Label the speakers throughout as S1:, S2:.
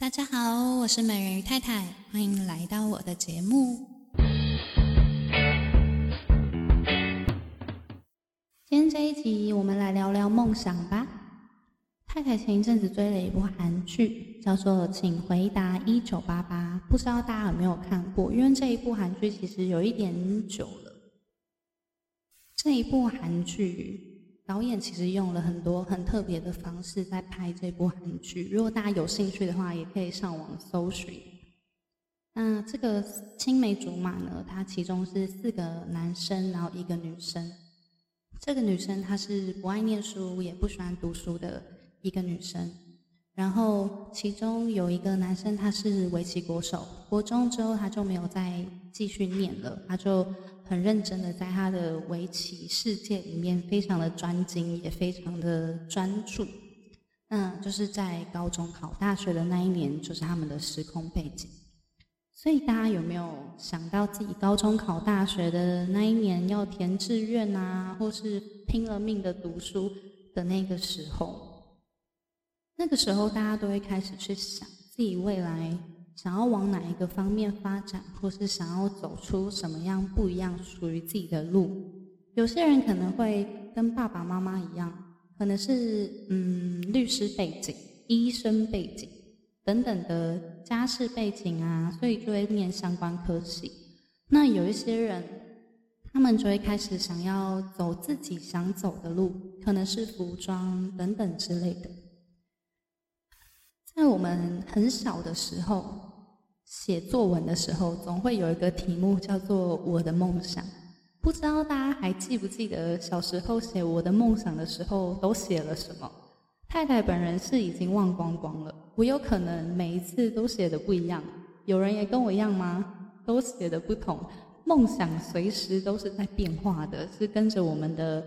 S1: 大家好，我是美人魚太太，歡迎來到我的節目。今天這一集，我們來聊聊夢想吧。太太前一陣子追了一部韓劇，叫做《請回答一九八八》，不知道大家有沒有看過？因為這一部韓劇其實有一點久了。這一部韓劇。導演其實用了很多很特別的方式在拍這部韓劇，如果大家有興趣的話，也可以上網搜尋。那這個青梅竹馬呢？他其中是四個男生，然後一個女生。這個女生她是不愛念書，也不喜歡讀書的一個女生。然後其中有一個男生，他是圍棋國手，國中之後他就沒有再繼續念了，他就。很認真的在他的圍棋世界裡面，非常的專精，也非常的專注。那就是在高中考大學的那一年，就是他們的時空背景。所以大家有沒有想到自己高中考大學的那一年，要填志願啊，或是拼了命的讀書的那個時候？那個時候大家都會開始去想自己未來。想要往哪一個方面發展，或是想要走出什麼樣不一樣屬於自己的路，有些人可能會跟爸爸媽媽一樣，可能是嗯律師背景、醫生背景等等的家世背景啊，所以就會念相關科系。那有一些人，他們就會開始想要走自己想走的路，可能是服裝等等之類的。在我們很小的時候，寫作文的時候，總會有一個題目叫做“我的夢想”。不知道大家還記不記得小時候寫“我的夢想”的時候都寫了什麼？太太本人是已經忘光光了。我有可能每一次都寫的不一樣。有人也跟我一樣嗎？都寫的不同。夢想隨時都是在變化的，是跟着我們的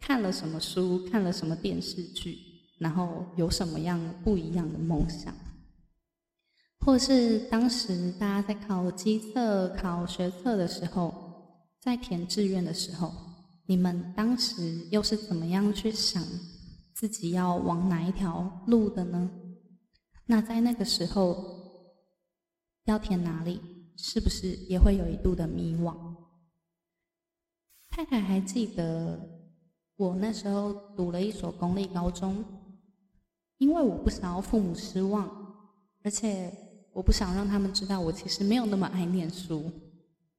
S1: 看了什麼書，看了什麼電視劇。然後有什麼樣不一樣的夢想，或是當時大家在考基測、考學測的時候，在填志願的時候，你們當時又是怎麼樣去想自己要往哪一條路的呢？那在那個時候要填哪裡，是不是也會有一度的迷惘？太太還記得我那時候讀了一所公立高中。因為我不想要父母失望，而且我不想讓他們知道我其實沒有那麼愛念書，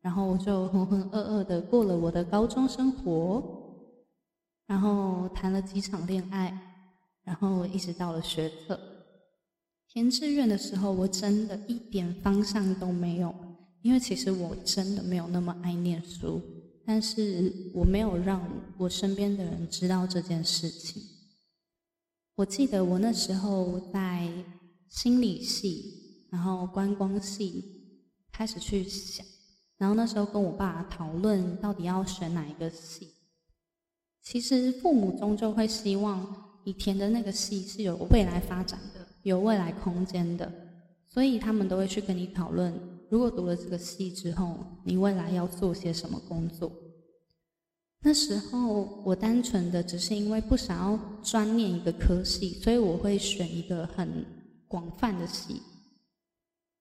S1: 然後我就渾渾噩噩的過了我的高中生活，然後談了幾場戀愛，然後一直到了學測填志願的時候，我真的一點方向都沒有，因為其實我真的沒有那麼愛念書，但是我沒有讓我身邊的人知道這件事情。我記得我那時候在心理系，然後觀光系開始去想，然後那時候跟我爸討論到底要選哪一個系。其實父母終究會希望你填的那個系是有未來發展的，有未來空間的，所以他們都會去跟你討論，如果讀了這個系之後，你未來要做些什麼工作。那時候我單純的只是因為不想要專念一個科系，所以我會選一個很廣泛的系。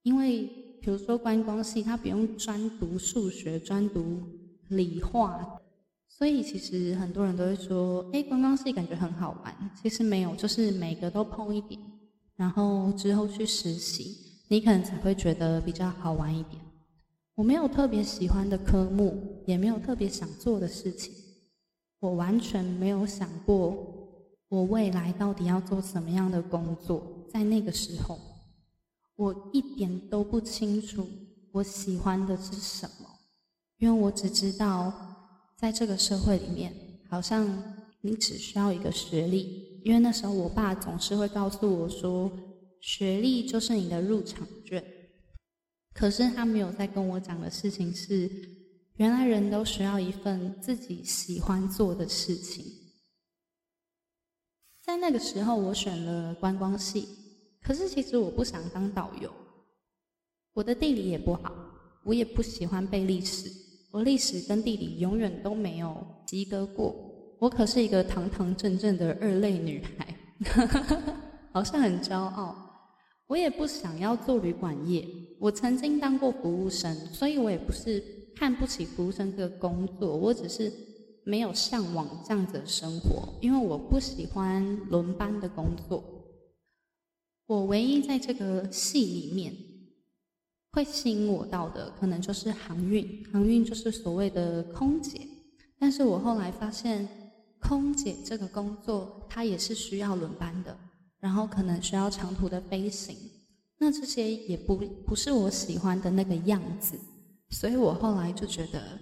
S1: 因為比如說觀光系，它不用專讀數學、專讀理化，所以其實很多人都會說：“哎、欸，觀光系感覺很好玩。”其實沒有，就是每個都碰一點，然後之後去實習，你可能才會覺得比較好玩一點。我沒有特別喜歡的科目，也沒有特別想做的事情。我完全沒有想過我未來到底要做什麼樣的工作。在那個時候，我一點都不清楚我喜歡的是什麼，因為我只知道在這個社會裡面，好像你只需要一個學歷。因為那時候，我爸總是會告訴我說：“學歷就是你的入場券。”可是他沒有再跟我講的事情是，原來人都需要一份自己喜歡做的事情。在那個時候，我選了觀光系，可是其實我不想當導遊，我的地理也不好，我也不喜歡背歷史，我歷史跟地理永遠都沒有及格過，我可是一個堂堂正正的二類女孩， 好像很驕傲。我也不想要做旅館業，我曾經當過服務生，所以我也不是看不起服務生這個工作，我只是沒有嚮往這樣子的生活，因為我不喜歡輪班的工作。我唯一在這個系裡面會吸引我到的，可能就是航運，航運就是所謂的空姐，但是我後來發現，空姐這個工作，它也是需要輪班的。然後可能需要長途的飛行，那這些也不不是我喜歡的那個樣子，所以我後來就覺得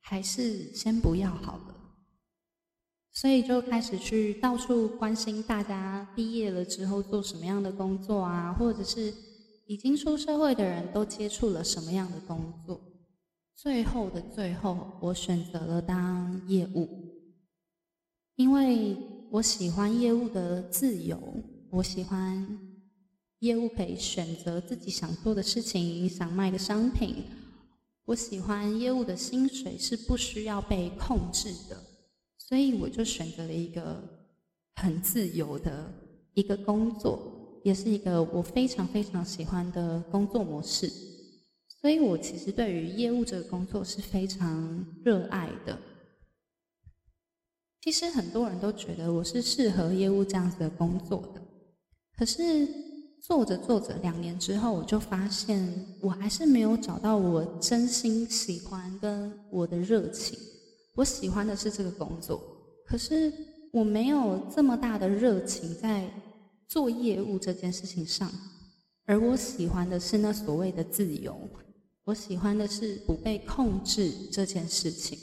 S1: 還是先不要好了。所以就開始去到處關心大家畢業了之後做什麼樣的工作啊，或者是已經出社會的人都接觸了什麼樣的工作。最後的最後，我選擇了當業務，因為我喜歡業務的自由。我喜歡業務可以選擇自己想做的事情、想賣的商品。我喜歡業務的薪水是不需要被控制的，所以我就選擇了一個很自由的一個工作，也是一個我非常非常喜歡的工作模式。所以，我其實對於業務這個工作是非常熱愛的。其實很多人都覺得我是適合業務這樣子的工作的。可是做着做着，兩年之後，我就發現我還是沒有找到我真心喜歡跟我的熱情。我喜歡的是這個工作，可是我沒有這麼大的熱情在做業務這件事情上。而我喜歡的是那所謂的自由，我喜歡的是不被控制這件事情。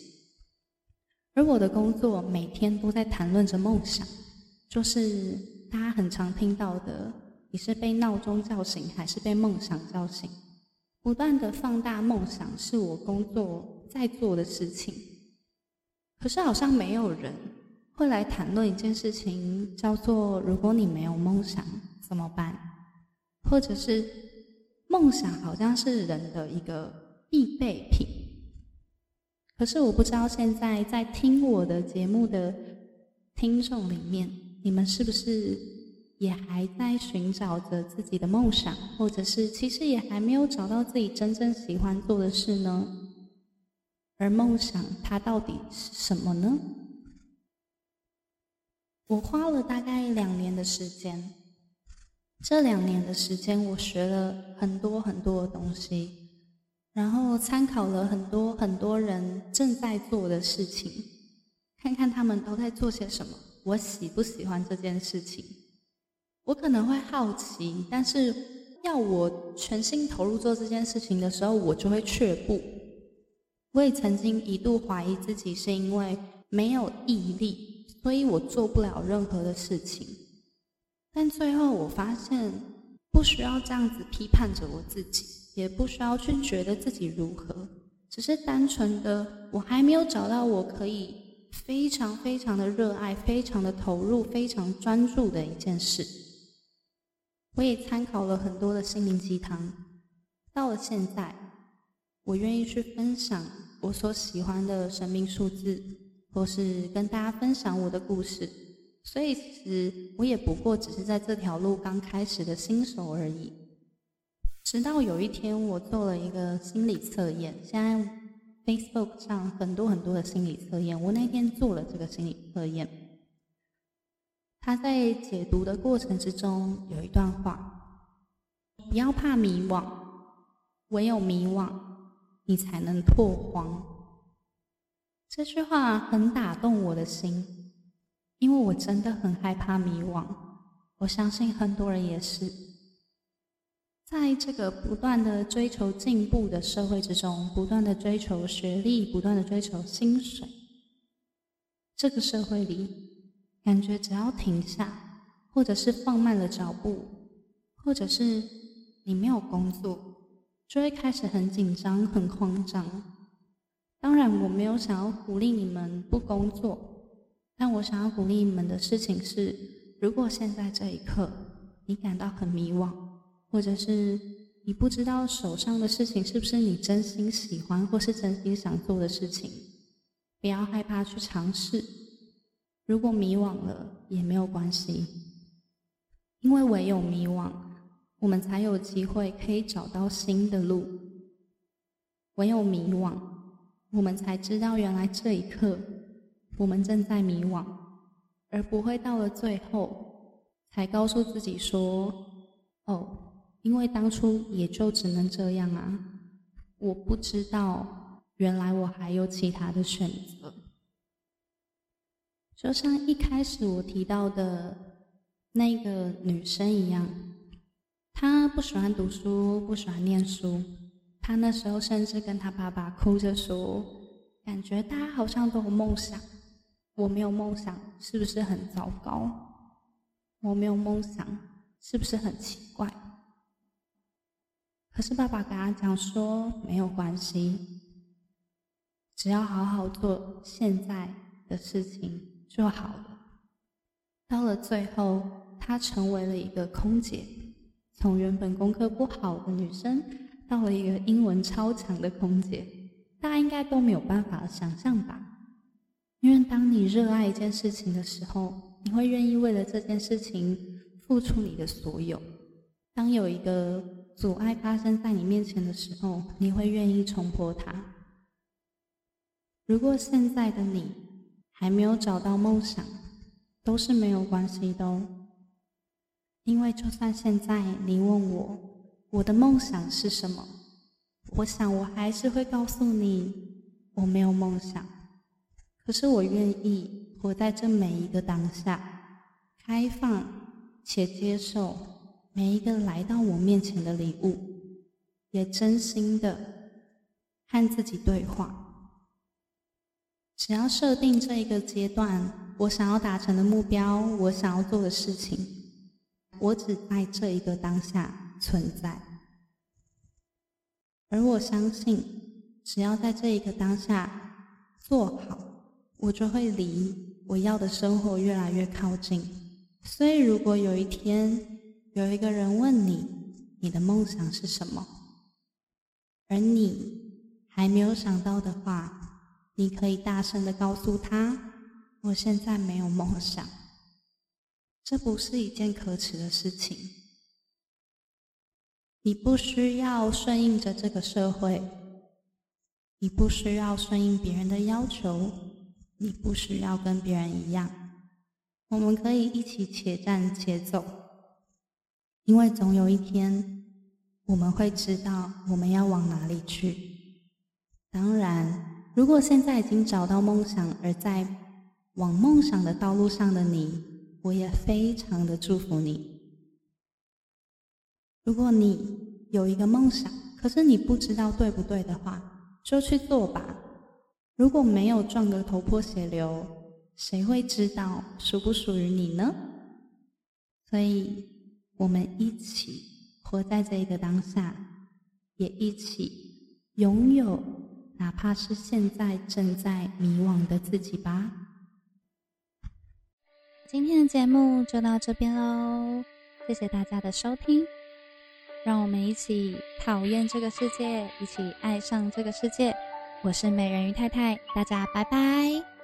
S1: 而我的工作每天都在談論着夢想，就是。大家很常聽到的，你是被鬧鐘叫醒還是被夢想叫醒？不斷的放大夢想是我工作在做的事情。可是好像沒有人會來談論一件事情，叫做如果你沒有夢想怎麼辦？或者是夢想好像是人的一個必備品。可是我不知道現在在聽我的節目的聽眾裡面。你們是不是也還在尋找着自己的夢想，或者是其實也還沒有找到自己真正喜歡做的事呢？而夢想它到底是什麼呢？我花了大概兩年的時間，這兩年的時間我學了很多很多的東西，然後參考了很多很多人正在做的事情，看看他們都在做些什麼。我喜不喜歡這件事情？我可能會好奇，但是要我全心投入做這件事情的時候，我就會卻步。我也曾經一度懷疑自己，是因為沒有毅力，所以我做不了任何的事情。但最後我發現，不需要這樣子批判着我自己，也不需要去覺得自己如何，只是單純的我還沒有找到我可以。非常非常的熱愛，非常的投入，非常專注的一件事。我也參考了很多的心靈雞湯，到了現在，我願意去分享我所喜歡的神秘數字，或是跟大家分享我的故事。所以其實我也不過只是在這條路剛開始的新手而已。直到有一天，我做了一個心理測驗，現在。Facebook 上很多很多的心理測驗，我那天做了這個心理測驗。他在解讀的過程之中有一段話：“不要怕迷惘，唯有迷惘，你才能拓荒。”這句話很打動我的心，因為我真的很害怕迷惘。我相信很多人也是。在這個不斷的追求進步的社會之中，不斷的追求學歷，不斷的追求薪水，這個社會裡，感覺只要停下，或者是放慢了腳步，或者是你沒有工作，就會開始很緊張、很慌張。當然，我沒有想要鼓勵你們不工作，但我想要鼓勵你們的事情是：如果現在這一刻你感到很迷惘。或者是你不知道手上的事情是不是你真心喜歡或是真心想做的事情，不要害怕去嘗試。如果迷惘了也沒有關係，因為唯有迷惘，我們才有機會可以找到新的路；唯有迷惘，我們才知道原來這一刻我們正在迷惘，而不會到了最後才告訴自己說：“哦。”因為當初也就只能這樣啊！我不知道，原來我還有其他的選擇。就像一開始我提到的那個女生一樣，她不喜歡讀書，不喜歡念書。她那時候甚至跟她爸爸哭着說：“感覺大家好像都有夢想，我沒有夢想，是不是很糟糕？我沒有夢想，是不是很奇怪？”可是爸爸跟他講說沒有關係，只要好好做現在的事情就好了。到了最後，他成為了一個空姐，從原本功課不好的女生，到了一個英文超強的空姐。大家應該都沒有辦法想象吧？因為當你熱愛一件事情的時候，你會願意為了這件事情付出你的所有。當有一個阻礙發生在你面前的時候，你會願意衝破它。如果現在的你還沒有找到夢想，都是沒有關係的哦。因為就算現在你問我，我的夢想是什麼，我想我還是會告訴你，我沒有夢想。可是我願意活在這每一個當下，開放且接受。每一個來到我面前的禮物，也真心的和自己對話。只要設定這一個階段，我想要達成的目標，我想要做的事情，我只在這一個當下存在。而我相信，只要在這一個當下做好，我就會離我要的生活越來越靠近。所以，如果有一天，有一個人問你，你的夢想是什麼？而你還沒有想到的話，你可以大聲的告訴他：“我現在沒有夢想。”這不是一件可恥的事情。你不需要順應着這個社會，你不需要順應別人的要求，你不需要跟別人一樣。我們可以一起且戰且走。因為總有一天，我們會知道我們要往哪裡去。當然，如果現在已經找到夢想而在往夢想的道路上的你，我也非常的祝福你。如果你有一個夢想，可是你不知道對不對的話，就去做吧。如果沒有撞個頭破血流，誰會知道屬不屬於你呢？所以。我們一起活在這個當下，也一起擁有哪怕是現在正在迷惘的自己吧。今天的節目就到這邊嘍，謝謝大家的收聽。讓我們一起討厭這個世界，一起愛上這個世界。我是美人魚太太，大家拜拜。